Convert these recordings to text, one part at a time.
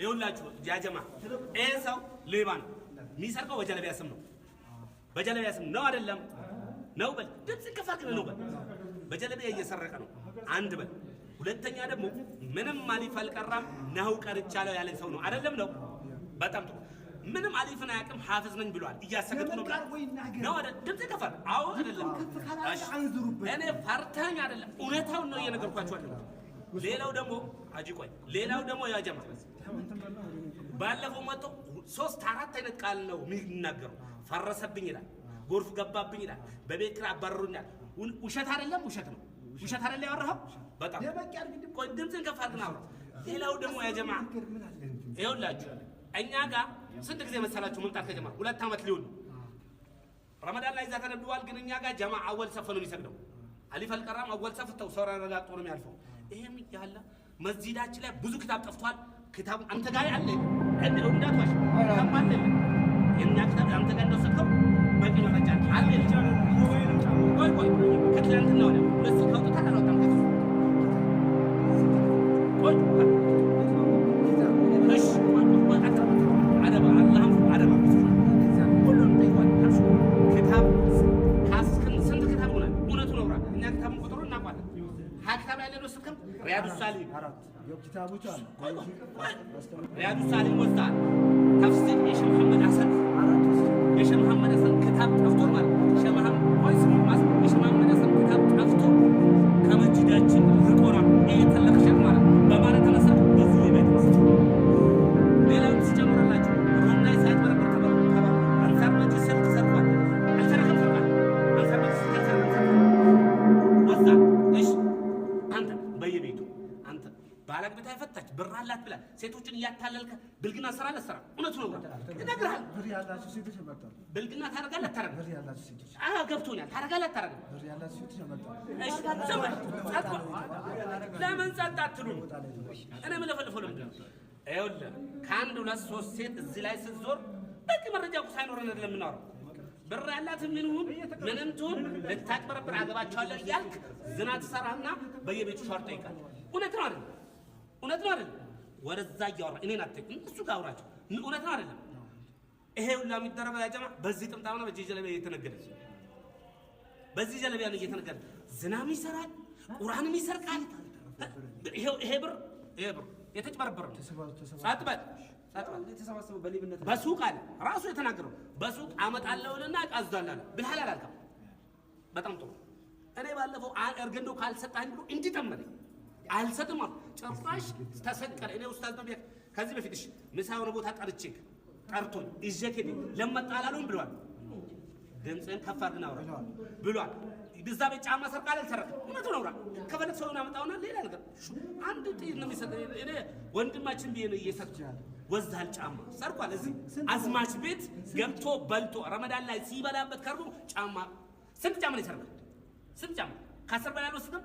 ይኸውላችሁ ጃጀማ ይሄ ሰው ሌባ ነው። የሚሰርቀው በጀለቢያ ስም ነው። በጀለቢያ ስም ነው አይደለም? ነው በል ድምፅ ከፋክ ነው በል። በጀለቢያ እየሰረቀ ነው አንድ በል። ሁለተኛ ደግሞ ምንም አሊፍ አልቀራም ነው ቀርቻለሁ ያለ ሰው ነው አይደለም? ነው በጣም ጥሩ። ምንም አሊፍን አያውቅም ሐፍዝ ነኝ ብሏል። እያሰገጡ ነው ብሏል። ነው አይደል? ድምፅ ከፋክ አዎ። አይደለም እኔ ፈርተኝ አይደለም፣ እውነታውን ነው እየነገርኳችሁ አይደለም። ሌላው ደግሞ አጂ ቆይ ሌላው ደግሞ ያጀማ ባለፈው መጥቶ ሶስት አራት አይነት ቃል ነው የሚናገሩ። ፈረሰብኝ ይላል፣ ጎርፍ ገባብኝ ይላል፣ በቤት ኪራይ አባረሩኝ ውሸት አይደለም፣ ውሸት ነው። ውሸት አይደለ ያወራኸው። በጣም ቆይ ድምፅን ከፍ አድርግና አውራ። ሌላው ደግሞ ያጀማ ይኸውላችሁ እኛ ጋር ስንት ጊዜ መሰላችሁ መምጣት ከጀማ ሁለት ዓመት ሊሆን ረመዳን ላይ እዛ ተደብድቧል። ግን እኛ ጋር ጀማ አወል ሰፍ ነው የሚሰግደው። አሊፍ አልቀራም አወል ሰፍተው ሰው ረጋግጦ ነው የሚያልፈው። ይሄም እያለ መስጂዳችን ላይ ብዙ ኪታብ ጠፍቷል። ክታቡ አንተ ጋር አለ እንዳትዋሽ። ክታብ አለ የእኛ ክታብ አንተ ጋር እንደወሰድከው ሪያዱ ሳሊም ሪያዱ ሳሊም ወስታል ተፍሲር የሸህ መሐመድ ሐሰን የሸህ መሐመድ ሐሰን ክታብ ጠፍቶን ማለት አላት ብላ ሴቶችን እያታለልከ ብልግና ስራ ለስራ እውነቱ ነው እነግርሃለሁ። ብር ያላችሁ ሴቶች መጣሁ ብልግና ታደርጋለህ አታደርግም? ብር ያላችሁ ሴቶች አዎ፣ ገብቶኛል። ታደርጋለህ አታደርግም? ብር ያላችሁ ሴቶች መጣሁ። እሺ፣ ዝም ለምን ጸጥ አትሉም? እኔ ምን ለፈልፈው ለምንድን ነው? ይኸውልህ ከአንድ ሁለት ሶስት ሴት እዚህ ላይ ስትዞር በቂ መረጃ እኮ ሳይኖረን አይደለም የምናወራው ብር ያላት ምን ምንሁን ምንም ትሁን ልታጭበረብር አገባቸዋለሁ እያልክ ዝና ትሰራና በየቤቱ ሸርጦ ይቃል። እውነት ነው አይደል? እውነት ነው አይደል? ወደዛ እያወራ እኔን አትኩም እሱ ጋር አውራቸው እውነት ነው አይደለም? ይሄ ሁላ የሚደረገው ያጀማ በዚህ ጥምጣም ነው። በዚህ ጀለቢያ እየተነገረ በዚህ ጀለቢያ ነው እየተነገረ ዝናብ ይሰራል፣ ቁራንም ይሰርቃል። ይሄ ብር ይሄ ብር የተጭበረበረ ሳትበል በሱቅ አለ ራሱ የተናገረው በሱቅ አመጣለሁና ቃዝዳላለ ብልሃል አላልከም። በጣም ጥሩ እኔ ባለፈው እርገንዶ ካልሰጣኝ ብሎ እንዲህ ተመለኝ አልሰጥም አሉ። ጭራሽ ተሰቀለ። እኔ ኡስታዝ ነው ከዚህ በፊት እሺ ምሳ የሆነ ቦታ ጠርቼ ጠርቶኝ ይዤክ ሄደ ለመጣላሉም ብሏል። ድምፅህን ከፍ አድርገህ አውራ ብሏል። ብዛ ቤት ጫማ ሰርቃል አልሰረቀ እውነቱን አውራ። ከፈለግ ሰውን ያመጣውና ሌላ ነገር አንድ ጥይት ነው የሚሰጥ። እኔ ወንድማችን ብዬ ነው እየሰጥ ወዛል ጫማ ሰርቋል። እዚህ አዝማች ቤት ገብቶ በልቶ ረመዳን ላይ ሲበላበት ከርቦ ጫማ ስንት ጫማ ነው የሰረቀው? ስንት ጫማ ከአስር በላይ አልወሰደም።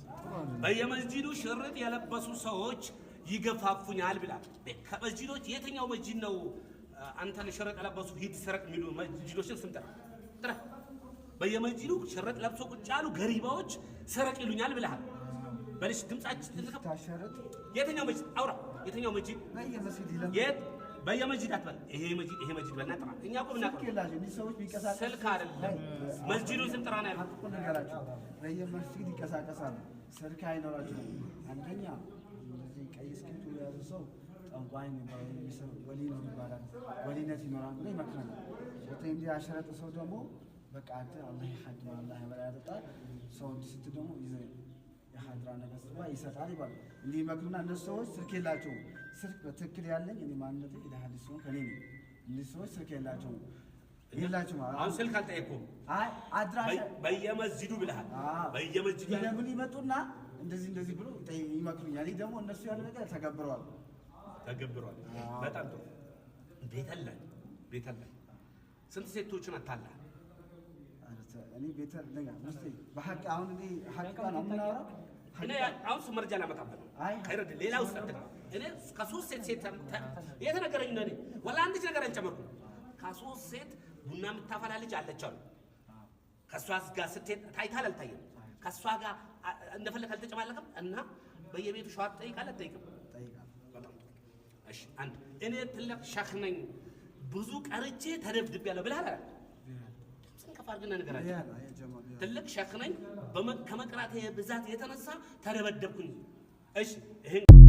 በየመስጂዱ ሽርጥ የለበሱ ሰዎች ይገፋፉኛል ብላል። ከመስጂዶች የትኛው መስጂድ ነው አንተን ሽርጥ የለበሱ ሂድ ስረቅ የሚሉ መስጂዶችን ስም ጥራ ጥራ። በየመስጂዱ ሽርጥ ለብሶ ቁጭ ያሉ ገሪባዎች ስረቅ ይሉኛል ብለሃል። በልሽ ድምጻችን የትኛው መስጂድ አውራ፣ የትኛው መስጂድ በየመስጂድ አትበል። ይሄ መስጂድ ይሄ መስጂድ በልና ጥራ። እኛ ቆም እና ስልክ አይደለም መስጂዱ ስም ጥራ ነው ያለው። በየመስጂድ ይቀሳቀሳሉ ስልክ አይኖራቸውም። አንደኛ እዚህ ቀይ እስክሪብቶ የያዙ ሰው ጠንቋይ ወሊ ነው ይባላል፣ ወሊነት ይኖራል ብሎ ይመክረናል። ሁለተኛ እንዲህ ያሸረጠ ሰው ደግሞ በቃ አንተ አላህ ይሐድም አላህ ይበላ ያጠጣል ሰው ስት ደግሞ የሀድራ ነገር ስባ ይሰጣል ይባላል። እንዲህ ይመክሩና እነሱ ሰዎች ስልክ የላቸውም። ስልክ በትክክል ያለኝ እኔ ማንነት ሀዲስ ሲሆን ከኔ ነው። እነዚህ ሰዎች ስልክ የላቸውም። የላችሁም አሁን ስልክ አልጠየኩም። አይ አድራሻ በየመስጂዱ ብለሃል። በየመስጂዱ ይደውል ይመጡና እንደዚህ እንደዚህ ብሎ ይመክሩኛል። ደግሞ እነሱ ያለ ነገር ተገብረዋል ተገብረዋል። በጣም ጥሩ ቤተል ላይ ስንት ሴቶችን አታለህ? እኔ ቤተል ነኝ ውስጤ በሐቅ አሁን እኔ ሐቅ ነው የምናወራው። አሁን መረጃ ላመጣበት ሌላ ውስጥ እኔ ከሶስት ሴት ሴት የተነገረኝ ነው። ወላ አንድ ነገር አንጨመርኩም ከሶስት ሴት ቡና የምታፈላ ልጅ አለች አሉ። ከእሷ ጋር ስትሄድ ታይታል አልታየም። ከእሷ ጋር እንደፈለግ አልተጨማለቅም። እና በየቤቱ ሸዋ ጠይቃ አትጠይቅም? አንድ እኔ ትልቅ ሸህ ነኝ ብዙ ቀርቼ ተደብድብ ያለው ብልሃል አላል ስንከፍ አድርገን ነገራቸው። ትልቅ ሸህ ነኝ ከመቅራቴ ብዛት የተነሳ ተደበደብኩኝ። እሺ ይህን